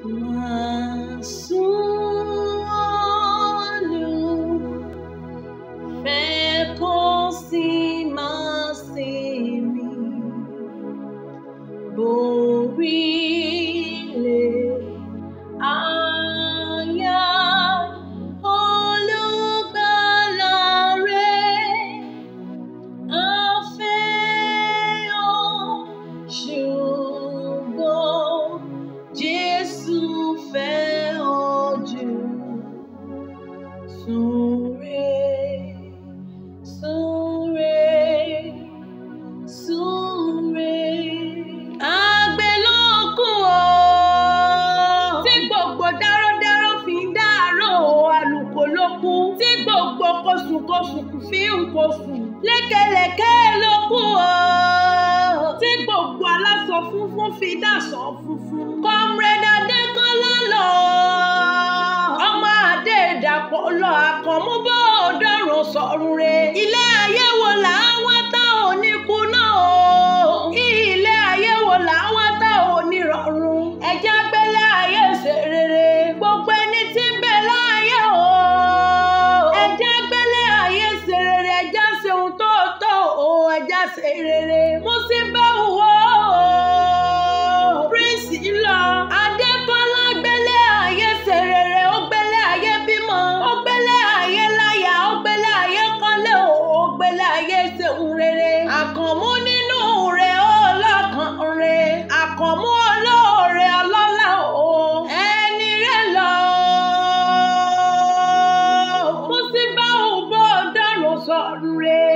Love. fínkofùn lékelèké ló kù o. tí gbogbo aláṣọ funfun fi dáṣọ funfun. comrade adékọ́lá lọ. ọmọ adé dàpọ̀ lọ àkànmú bó o dọ̀rùn sọ̀rùn re. ilé ayé. jáse rere mo sì bá wò ó prince ńlọ adékọ́lá gbélé ayé ṣe rere ó gbélé ayé bímọ ó gbélé ayé láyà ó gbélé ayé kọ́lé ó gbélé ayé ṣeun rere àkànmú nínú rẹ̀ ó lọ́kàn rẹ̀ àkànmú olóore ọlọ́lá o ẹni rẹ̀ lọ. mo sì bá òun bó dànù sọ̀rọ̀ rẹ̀.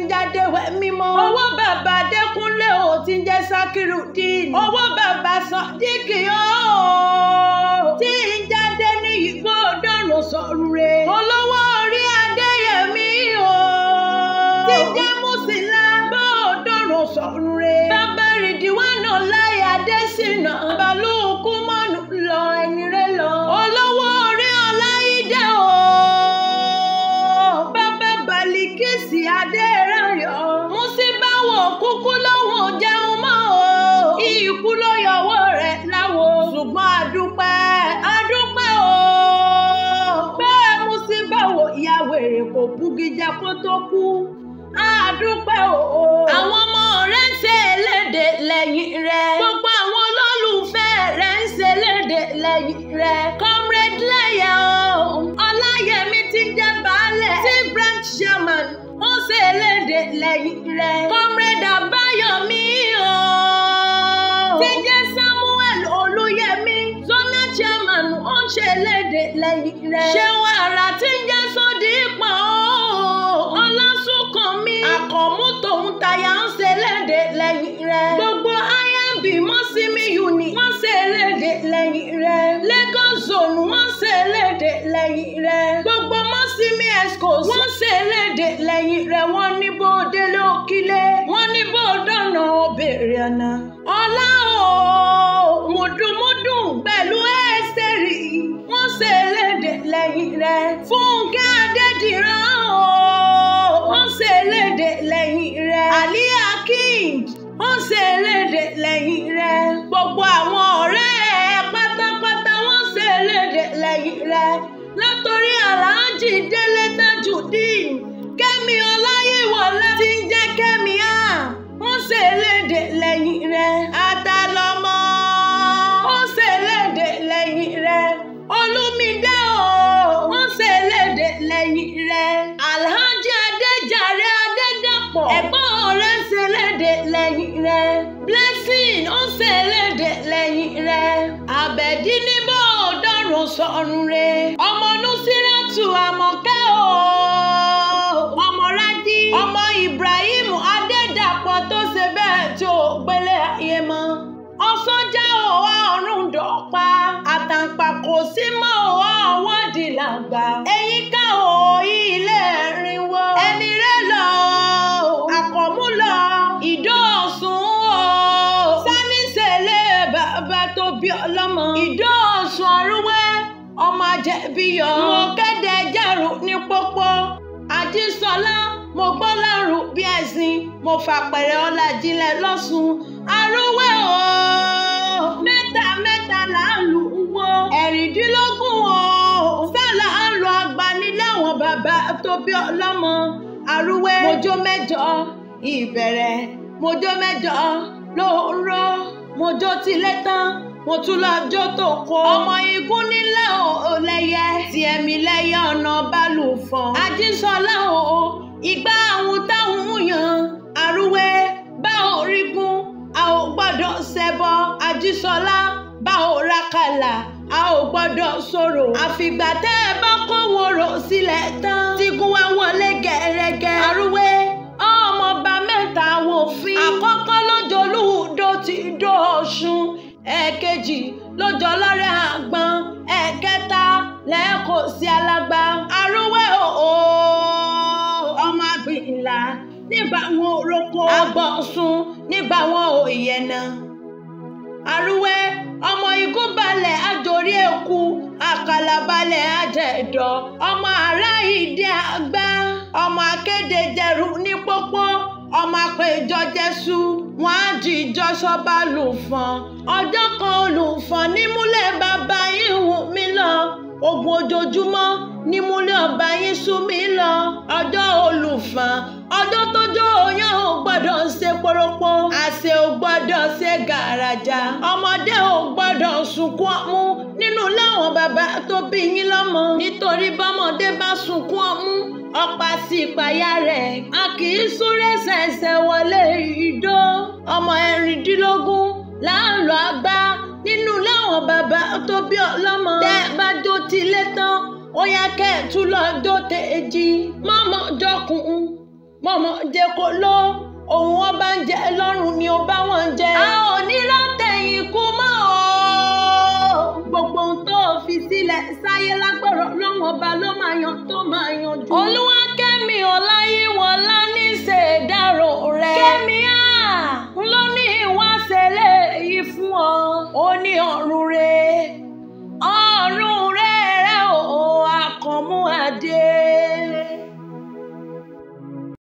ń jáde wẹ́ mímọ́. owó bàbá Adékúnlé ò ti jẹ́ Sakiru dín. owó bàbá Sodiq yóò. ṣùgbọ́n àdúpẹ́ àdúpẹ́ o pé mú sí báwo ìyá wèrè kò búgijẹ kó tó kú àdúpẹ́ o. àwọn ọmọ rẹ ń ṣe eléde lẹ́yìn rẹ. gbogbo àwọn olólùfẹ́ rẹ ń ṣe eléde lẹ́yìn rẹ. comrade lẹ́yà o ọláyẹmí ti jẹ́ baálẹ̀ tí branch chairman ó ṣe eléde lẹ́yìn rẹ. ṣé wàrà tí ń jẹ́ sódì pọ̀ ọlásùnkàn mi àkọ́mú tòun tayà ń ṣe léde lẹ́yìn rẹ̀ gbogbo imb mọ́símí uni wọ́n ṣe léde lẹ́yìn rẹ̀ Lagos zone wọ́n ṣe léde lẹ́yìn rẹ̀ gbogbo mọ́símí esco wọ́n ṣe léde lẹ́yìn rẹ̀ wọ́n ní bó délé òkílé wọ́n ní bó dọ̀nà obìnrin àná ọlá o. ó ṣe eléde lẹ́yìn rẹ gbogbo àwọn ọ̀rẹ́ ẹ pátápátá wọ́n ṣe eléde lẹ́yìn rẹ látòrí aláàjì délé tajudeen kẹ́mi ọláyíwọlá ti ń jẹ́ kẹ́mi á wọ́n ṣe eléde lẹ́yìn rẹ. sọ́run re. ọmọ nusiratu àmọ̀kẹ́ o ọmọ rádí ọmọ Ibrahim Adédàpọ̀ tó ṣe bẹ́ẹ̀ tí ò gbélé ayé mọ́. ọ̀sánjá o ọ̀run dọ̀pa àtàǹpà kò sí mọ́ o ọ̀wọ́dì làgbà. èyí o ilé ẹ̀. àjẹbíyọ̀ mo kéde jẹ́rù ní pópó àdísọ́lá mo gbọ́ lẹ́rù bí ẹ̀sìn mo fàpẹ̀rẹ̀ ọ̀làjílẹ̀ lọ́sùn arúwé o mẹ́ta mẹ́ta là ń lu wo ẹ̀rìndínlógún o sálà ń lọ agbanilẹ́wọ̀n bàbá tó bí ọlọ́mọ arúwé mojó mẹ́jọ ìbẹ̀rẹ̀ mojó mẹ́jọ lóòró mojó tilẹ̀ tán mo tún lọ jó tó kó ọmọ igun nílẹ̀ àtìlẹ́yìn ọ̀nà bálùfọ̀n. àjíṣọlá o ìgbà àwọn táwọn yàn àrúwé bá orígun a ò gbọ́dọ̀ ṣẹbọ àjíṣọlá bá ò a ò gbọ́dọ̀ sọ̀rọ̀ àfìgbà tẹ́ ẹ bá kó wòrò sílẹ̀ tán tígun wá wọlé gẹ̀rẹ́gẹ́ àrúwé ọmọọba mẹ́ta wòfin àkọ́kọ́ lójolúdo ti dó ọ̀ṣun ẹ̀ẹ̀kejì lójọlọ́rẹ́ àgbọn ẹ̀ẹ̀kẹta lẹ́kọ̀ọ́ sí alágbá arúwé òhò ọmọ àgbìnlá nígbà wọn ò roko agbọ̀sùn nígbà wọn ò ìyẹnà arúwé ọmọ igun balẹ̀ àjòrí èkú àkàlà balẹ̀ àjẹ̀dọ̀ ọmọ ará ìdí àgbá ọmọ akéde jẹrù ní pópó ọmọ àpéjọ jésù wọn á dìjọ sọba lùfọn ọjọ́ kan olùfọn nímúlẹ̀ bàbá ìhùn mi lọ ogun ojoojúmọ́ ní múlẹ̀ ọba yín sú mi lọ ọjọ́ olùfàn ọjọ́ tójọ́ oyún ò gbọ́dọ̀ ṣe poropó àṣẹ ò gbọ́dọ̀ ṣe gàràjà ọmọdé ò gbọ́dọ̀ sunkún ọmú nínú láwọn bàbá tó bí yín lọ́mọ nítorí bọ́mọdé bá sunkún ọmú ọ̀pá sí ìpayà rẹ̀ a kì í súré ṣẹ̀ṣẹ̀ wọlé ìdó ọmọ ẹ̀rìndínlógún láàlọ́ àgbá nínú láwọn bàbá tó bí ọlọ́mọ. tẹ́ jó tilé tán ó yá kẹ́ ẹ̀ tún lọ jó tèjì mọ́mọ́ jọkùn mọ́mọ́ jẹ́kó ló òun ọba ń jẹ lọ́rùn ni ọba wọn jẹ. a ò ní látẹ̀yìn kú mọ́ o gbogbo ohun tó fi sílẹ̀ sáyé lágbọ̀rọ̀ lọ́wọ́n ọba ló máa yan tó máa yanjú. olúwa kẹ́mi ọ̀la yìí wọ̀lá.